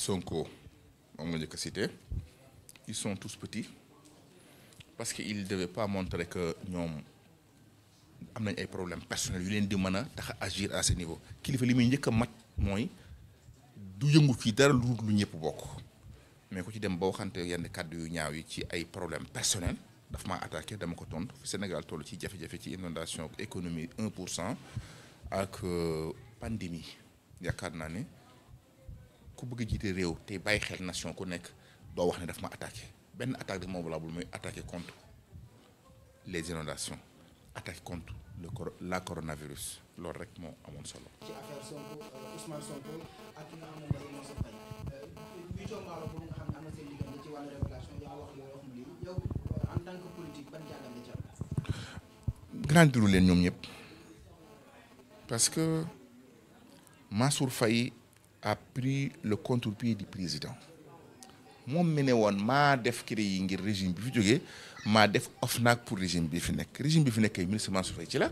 Sonko moom nga njëkk a cité ils sont tous petits parce que ils devaient pas montrer que ñoom am nañ ay problèmes personnels yu leen di mën a tax agir à ce niveau kilifa li muy njëkk a mat mooy du yëngu fii dara lu lu ñëpp bokk mais ku ci dem ba waxante yenn kàdd yu ñaaw yi ci ay problème personnels daf maa attaqué dama ko tontu Sénégal tollu ci jafe-jafe ci inondation économie un pour cent ak euh, pandémie yaakaar naa ne. ku bëgg a jiite réew te bàyyi xel nation ku nekk doo wax ne daf ma attaqué benn attaque daf ma valable muy attaqué contre les inondations attaque contre la coronavirus loolu rek moo amoon solo. ci affaire Sonko euh, euh, euh, leen ñoom ñëpp parce que Mansour Faye. a pris le contre-pied du président moom mi ne woon maa def CREI yi ngir régime bi fi jógee maa def OFNAC pour régime bi fi nekk régime bi fi nekk ministre Mansour Faye ci la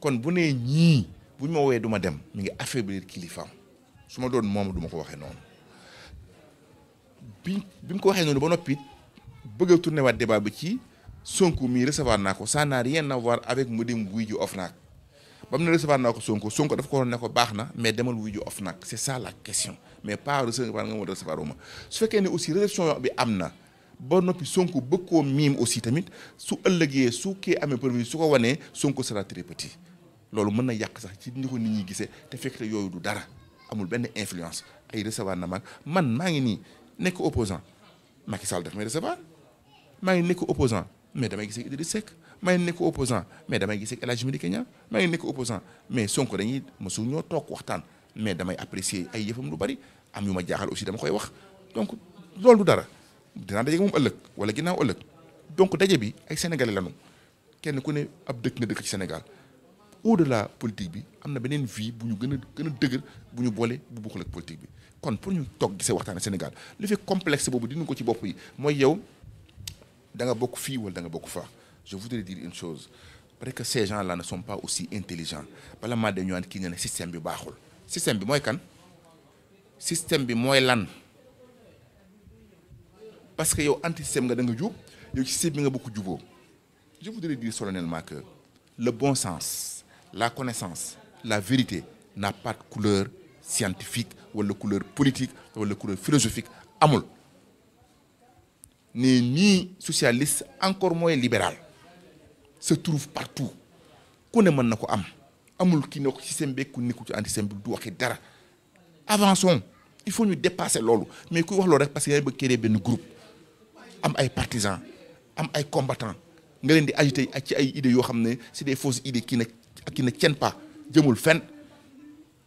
kon bu ne ñii bu ñu ma woowee duma ma dem mi ngi affaiblir kilifaam su ma doon moom du ma ko waxee noonu bi bi mu ko waxee noonu ba noppi bëgg a tourné waat débat bi ci Sonko mii recevoir naa ko ça n'a rien à voir avec mu dem guy ji OFNAC ba mu ne recevoir naa ko Sonko Sonko daf ko waroon ko baax na mais demal wuyu ju OFNAC c'est ça la question mais pas recevoir nga aussi réception bi am na ba noppi Sonko bëgg koo miim aussi tamit su ëllëgee su kii amee prévision su ko wanee Sonko sera très petit loolu mën na yàq sax ci ni ko nit ñi gisee te fekk te yooyu du dara amul benn influence ay recevoir na mag man maa ngi nii nekk opposant Macky Sall daf may recevoir maa ngi nekk opposant mais damay gisee Idriss Seck maa ngi nekk opposant mais damay gisee El Hadj Mady Kenya maa ngi nekk opposant mais Sonko dañuy mosul ñoo toog waxtaan mais damay apprécier ay yëfam lu bari am ñu ma jaaxal aussi dama koy wax donc loolu dara dinaa daje moom ëllëg wala ginnaaw ëllëg donc daje bi ay sénégalais lañu kenn ku ne ab dëkk nga dëkk ci Sénégal de la politique bi am na beneen vie bu ñu gën gën a dëgër bu ñu boole bu bokkul ak politique bi kon pour ñu toog gisee waxtaan Sénégal li fi complexe boobu dinu ko ci bopp yi mooy yow da bokk fii wala da nga bokk faa. je voudrais dire une chose parce que ces gens là ne sont pas aussi intelligents bala maa dañu naan kii nga ne système bi baaxul système bi mooy kan système bi mooy lan parce que yow anti système nga da nga jub yow ci système bi nga bokk juboo je voudrais dire solennellement que le bon sens la connaissance la vérité n'a pas de couleur scientifique wala couleur politique wala couleur philosophique amul ni ni socialiste encore mooy libéral se trouve partout ku ne mën na ko am amul kii ne ko ci système bi ku nekku ci anti-système bi du waxi dara avant avançons il faut ñu dépasser loolu mais kuy wax loolu rek parce que yaa ngi bëgg benn groupe am ay partisans am ay combattants nga leen di agiter ak ci ay idées yoo xam ne c'est des fausses idées qui ne qui ne tiennent pas jëmul fenn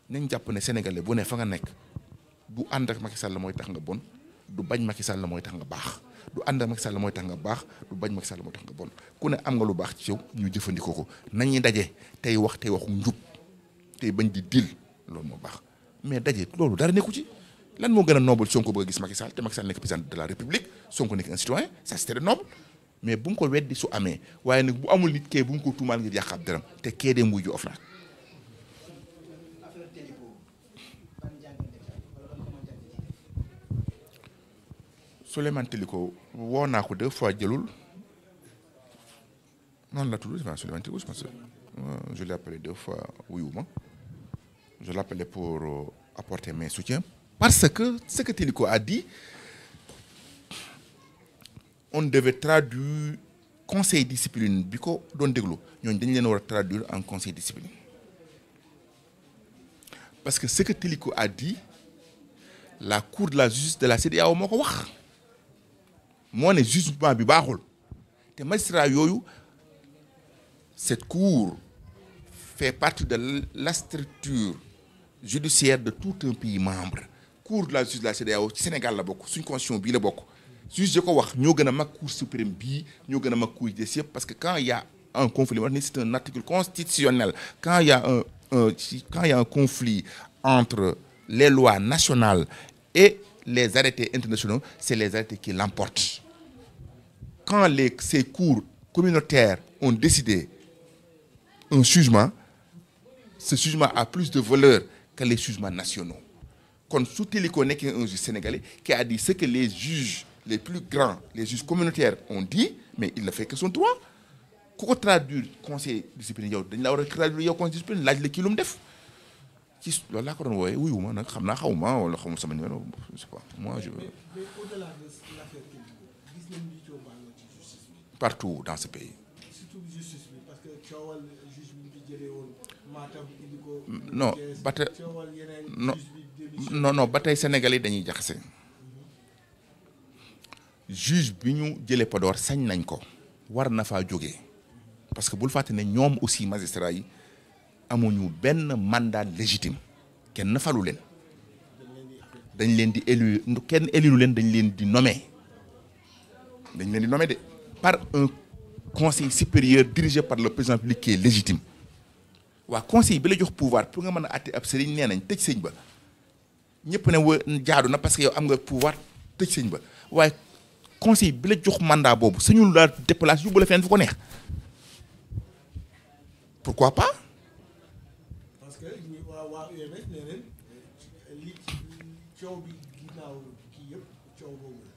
nañ jàpp ne sénégalais bu ne fa nga nekk bu ànd ak Macky Sall mooy tax nga bon. du bañ Macky Sall la mooy tax nga baax du ànd ak Sall la mooy tax nga baax du bañ Macky Sall la mooy tax nga bon ku ne am nga lu baax ci yow ñu jëfandikoo ko nañuy daje tey wax tey waxu njub tey bañ di dil loolu moo baax mais daje loolu dara nekku ci lan moo gën a noble Sonko bëgg a gis Macky Sall te Macky nekk président de la République Sonko nekk un citoyen ça c'est très noble mais bu mu ko weddi su amee waaye nag bu amul nit kee bu mu ko tuumaal ngir yàq ab dërëm te kee dee muy ju Souleymane Teliko woo naa ko deux fois jëlul noonu la tudd enfin Souleymane Teliko je pense euh, je fois wuyuma je l'appelais pour euh, apporter mes parce que ce que Teliko on devait traduire conseil discipline bi ko doon déglu ñooñu dañ leen war a en conseil discipline parce que ce que Teliko la cour de la justice de la CEDEAO moo wax moo ne jugement bi baaxul te magistrat yooyu cette cour fait partie de la structure judiciaire de tout un pays membre cour de la justice de la ci Sénégal la bokk suñ constitution bii la bokk juge ko wax ñoo gën a mag cour suprême bii ñoo gën a mag cour des yëpp parce que quand il y a un conflit wax ni c'est un article constitutionnel quand il y a un entre les lois nationales et les arrêtés internationaux c'est les arrêtés qui l'emportent quand les, ces cours communautaires ont décidé un jugement, ce jugement a plus de valeur que les jugements nationaux. Quand Soutiliko n'est qu'un juge sénégalais qui a dit ce que les juges les plus grands, les juges communautaires ont dit, mais il ne fait que son droit. ku ko traduire conseil discipline yow dañ la war a traduire yow conseil discipline laaj la kii lu mu def ci loolu laa ko doon wooyee wuyu ma nag xam naa xaw ma wala xaw ma sama numéro je sais pas partout dans ce pays. Mm, non ba tey non non ba tey sénégalais dañuy jaxase juge bi ñu jëlee Podor sañ nañ ko war na faa jógee parce que bul fàtte ne ñoom aussi magistrat yi amuñu benn mandat légitime kenn falu leen dañ leen di élu kenn élu leen dañ leen di nommé dañ leen di nommé de. par un conseil supérieur dirigé par le président public qui est légitime waa conseil bi la jox pouvoir pour nga mën a àtte ab sëriñ nee nañ tëj sëñ ba ñëpp ne wa jaadu na parce que yow am nga pouvoir tëj sëñ ba waaye conseil bi la jox mandat boobu suñu la déplace yóbbu la feneen fu ko neex pourquoi que waa waa UMS nee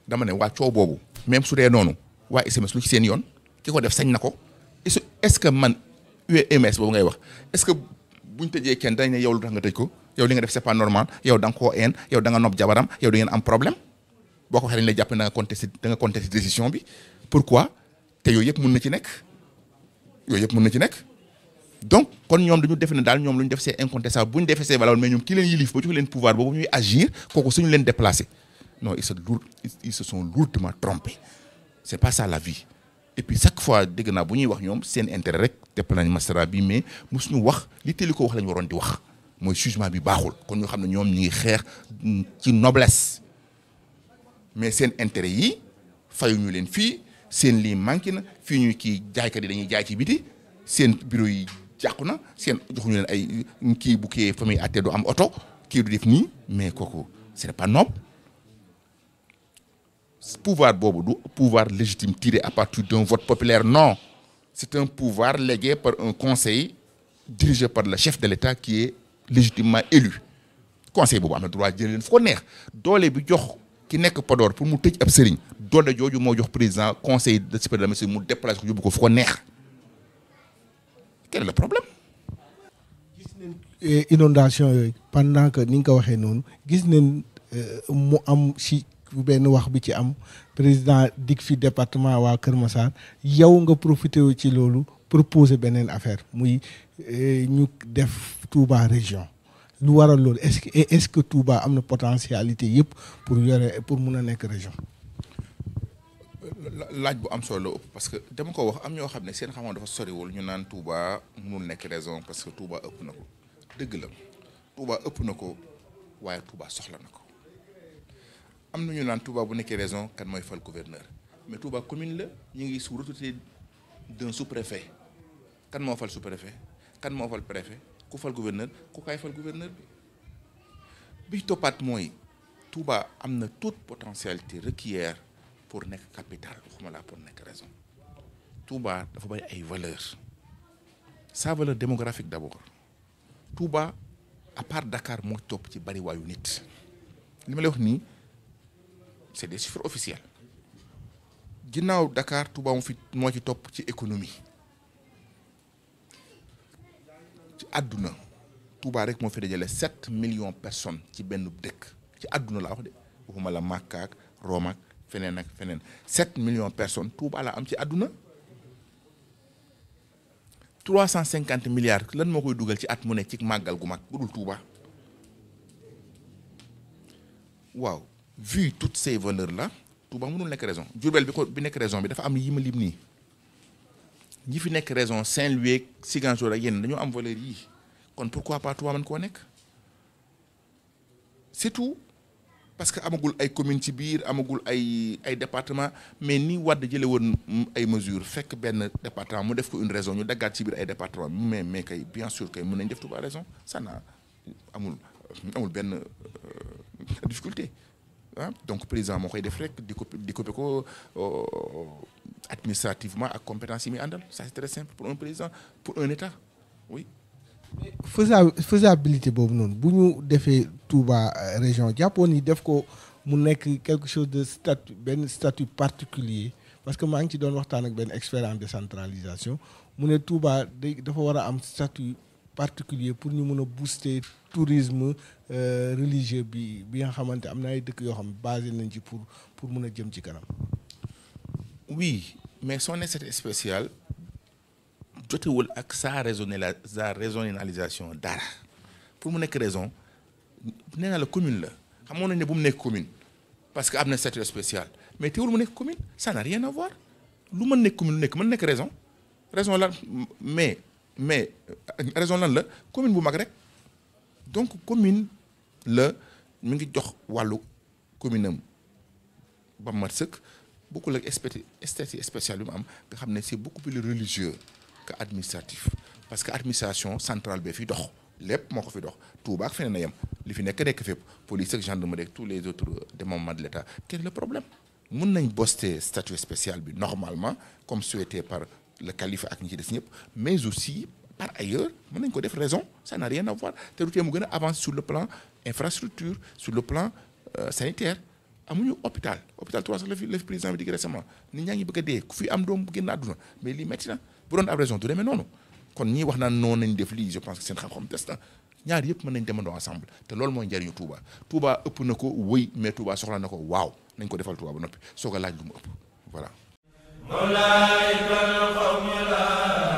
dama ne waa coow boobu même su dee noonu. waa SMS lu ci seen yoon ki ko def sañ na ko est-ce que man UMS e boobu ngay wax est-ce que buñ tëjee kenn dañ ne yow lu tax nga ko yow li nga def c'est pas normal yow da nga koo een da nga nopp jabaram yow da ngeen boo ko waxee dañ lay jàpp ne da nga contesté da nga contesté décision bi na ci nekk yooyu mun na ci nekk donc kon ñoom def daal ñoom lu ñu def c'est incontestable bu ñu defee c'est valable mais ñoom ki leen yilif ba jox leen pouvoir leen déplacé non ils se lourd lourdement trompés c'est pas ça la vie et puis chaque fois dégg naa bu ñuy wax ñoom seen intérêt rek tepp nañ masara bi mais suñu wax li teel ko wax lañu waroon di wax mooy jugement bi baaxul kon ñoo xam ne ñoom ñu ngi xeex ci noblesse mais seen intérêt yi fayuñu leen fii seen lii manqué na fii ñu kii jaaykat yi dañuy jaay ci biti seen bureau yi jàqu na seen joxuñu leen ay kii bu kii famille atte du am oto kii du def nii mais kooku c'est pas noble pouvoir boobu du pouvoir légitime tiré à partir d'un vote populaire non c'est un pouvoir légué par un conseil dirigé par le chef de l'État qui est légitimement élu conseil boobu am na droit jëlee leen fu ko neex doole bi jox ki nekk Podor pour mu tëj ab sëriñ doole jooju moo jox président conseil de supérieur de mu déplacé ko yóbbu ko fu ko neex quel est le problème. gis nañ euh, inondation yooyu pendant que ni nga ko waxee noonu gis nañ euh, mu am ci. bu benn wax bi ci am président dig fi département waa Kër Massar yow nga profité wu ci loolu proposer beneen affaire muy eh, ñu def Touba région lu waral loolu est-ce que est-ce que Touba am na potentialité yëpp pour yore pour mun a nekk région. laaj bu am solo la ëpp parce que dama ko wax am ñoo xam ne seen xam-xam dafa soriwul ñu naan Touba mënul nekk raison parce que Touba ëpp na ko dëgg la Touba ëpp na ko waaye Touba soxla na ko. am nañu naan Touba bu nekkee raison kan mooy fal gouverneur mais Touba commune la ñu ngi sous l'autorité d'un sous-préfet kan moo fal sous-préfet kan moo fal préfet ku fal gouverneur ku kaay fal gouverneur bi bi toppaat mooy Touba am na toute potentialité requise pour nekk capitale waxuma laa pour nekk raison Touba dafa bari ay valeurs sa valeur démographique d'abord Touba à part Dakar moo topp ci bariwaayu nit li ma lay wax nii. c'est des chiffres officiels ginnaaw Dakar Touba mu fi moo ci topp ci économie ci àdduna Touba rek moo fi dajale sept million personnes ci benn dëkk ci adduna laa wax de waxuma la Makka ak Rome ak feneen ak feneen sept millions personnes Touba la am ci àdduna trois cent cinquante milliards lan moo koy dugal ci at mu màggal gu mag gu dul Touba waaw vu tout ces valeurs là Touba mënul nekk raison Diourbel bi ko bi nekk raison bi dafa am yi ma lim nii ñi fi nekk raison Saint-Louis ak Ziguinchor ak yéen dañoo am valeur yi kon pourquoi pas Touba mën koo nekk surtout parce que amagul ay commune ci biir amagul ay ay département mais ni Wade jële woon ay mesures fekk benn département mu def ko une raison ñu daggaat ci biir ay département mais mais kay bien sûr kay mën nañ def Touba raison ça na amul amul benn euh, difficulté ah donc président moo koy def rek di ko di ko ko administrativement ak compétence yi muy àndal ça c'est très simple pour un pour un état oui. faisa faisabilité boobu noonu bu ñu defee Touba euh, région jàppoon ni def ko mu nekk quelque chose de statut benn statut particulier parce que maa ngi ci doon waxtaan ak benn expert de centralisation mu ne Touba dafa war a am statut. particulier pour ñu mën a booster tourisme euh, religieux bi bi nga xamante am na ay dëkk yoo xam basé nañ ci pour pour mën a jëm ci kanam. wii mais son essai spécial jotewul ak sa raisonna sa régionalisation dara pour mu nekk raison nee la commune la xamoon nañ ne bu mu nekk commune parce que am na statut spécial mais teewul mu nekk commune ça n'a rien à lu mën nekk commune lu nekk mën nekk raison raison la mais euh, raison lan la commune bu mag rek donc commune la mu ngi jox wàllu commune am ba mat sëkk bokkul ak statut spécial bi mu am nga xam ne c'est beaucoup plus religieux que administratif parce que administration centrale bee fi dox lépp moo ko fi dox Touba ak feneen a yam li fi nekk nekk fépp police ak gendarmerie ak tous les autres euh, démembrements de l'État quel est le problème mun nañ boster statut spécial bi normalement comme souhaité par le kalifa ak ñi ci des ñëpp mais aussi par ailleurs mën nañ ko def raison ça n'a rien à te du tee gën a avancer le plan infrastructure sur le plan euh, sanitaire amuñu hôpital hôpital trois la ñaa ngi bëgg a dee ku fi am doom génn àdduna mais lii métti na ñii wax naan noonu nañ def lii je pense que seen xam-xam des na ñaar yëpp mën nañ demandoo ensemble te loolu mooy njariñu Touba na ko wëy na ko waaw nañ ko defal Touba ba noppi soog a laaj lu mu ëpp voilà مولاي القوم